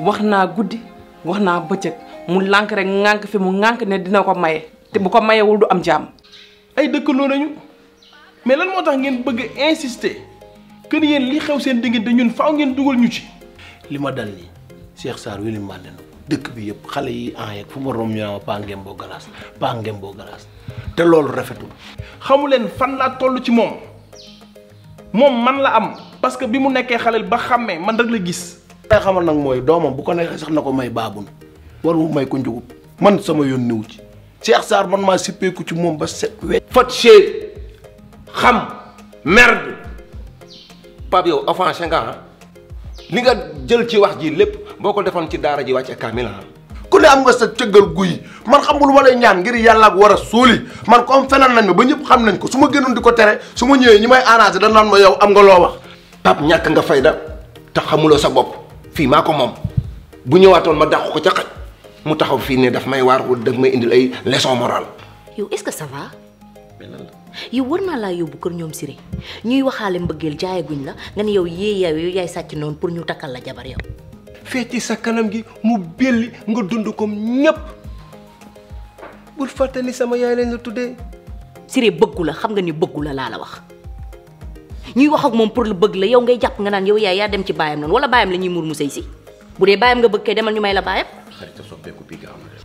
wax naa guddi wax naa bëccëg mu lànk rek ŋànk fi mu ŋànk ne dina ko maye te bu ko mayewul du am jàmm. ay dëkkandoo nañu mais lan moo tax ngeen bëgg a insister que ni li xew seen diggante ñun faw ngeen dugal ñu ci. li ma dal nii Cheikh Sarr wéli ma dëkk bi yëpp xale yi en yeeg fu ma romb ñu naan ma Paa Ngembo Galaas Paa Ngembo Galaas te loolu rafetu xamu leen fan laa toll ci moom moom man la am parce que bi mu nekkee xale ba xàmmee man rek la gis. day xamal nag mooy doomam bu ko neexee sax na ko may baabun waru may ko njugub man sama yoon niwu ci Cheikh Sarr man maa sippeeku ci moom ba set wecc xam merde Pape yow offensé nga ni ah. nga jël ci wax ji lépp boo ko defoon ci daara ji wàcce kaamilan ah. ku ne am nga sa cëggal guy man xam nga lu ma lay ñaan ngir yàlla ak war a suuli man koom fenal nañ ma ba ñëpp xam nañ ko su ma gënoon di ko tere su ma ñëwee ñi may arrangé dañ naan ma yow am nga loo wax Pape ñàkk nga fayda te xamuloo sa bopp fii maa ko moom bu ñëwaatoon ma dàq ko ca xaj mu taxaw fii ne daf may waar daf may indil ay leçon morale. yow est-ce que ça va. yow war naa laa yóbbu kër ñoom Siré ñuy waxaale mbëggeel jaayaguñ la nga ne yow yee yow yaay sàcc noonu pour ñu takkal la jabar yow. fecci sa kanam gi mu belli nga dund comme ñépp bul fàtte ni sama yaay lañ la tuddee. Siré bëggu la xam nga ni bëggu la laa la wax. ñuy wax ak moom pour le bëgg la yow ngay jàpp nga naan yow yaay ya dem ci baayam noonu wala bayam la ñuy muur musay sëy si bu dee baayam nga bëgg kay demal ñu may la bayam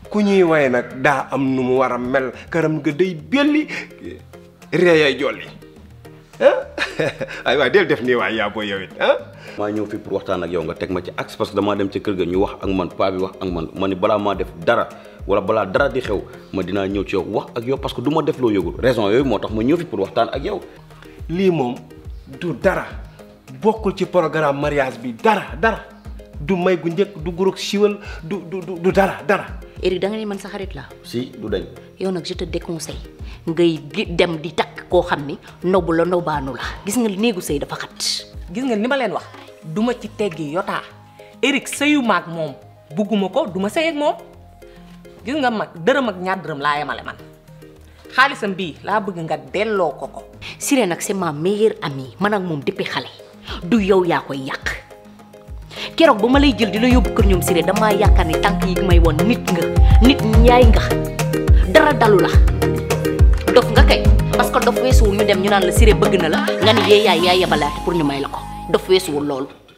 ku ñuy waye ya nag daa am nu mu war mel këram nga day belli reeyay jolli ay waay del def nii waay yaa booy yow it ah maa ñëw fi pour waxtaan ak yow nga teg ma ci axe parce que damaa dem ci kër ga ñu wax ak man paa bi wax ak man ma ni balaa def dara wala bala dara di xew ma dinaa ñëw ci yow wax ak yow parce que du ma def loo yëgul raison yooyu moo ma ñëw fi pour waxtaan ak yow lii moom du dara bokkul ci programme mariage bi dara dara du may gu du du du du dara dara. eric da nga ni man sa xarit si du dañ. yow nak je te déconseille ngay dem di tak ko xamni nobu la la gis nga sey dafa xat. gis nga wax duma ci teggi yota eric duma ak ak xaalisam bi labu bëgg nga delloo ko ko. Siré nag c'est ma meilleure amie man ak moom depuis xale du yow yaa koy yàq keroog ba ma lay jël di la yóbbu kër ñoom Siré damaa yaakaar ni yi may woon nit nga nit ñaay nga dara dalu la dof nga kay parce que dof weesuwul ñu dem ñu naan la Siré bëgg na la nga ni yee yaay yaay pour ñu may la ko dof weesuwul loolu.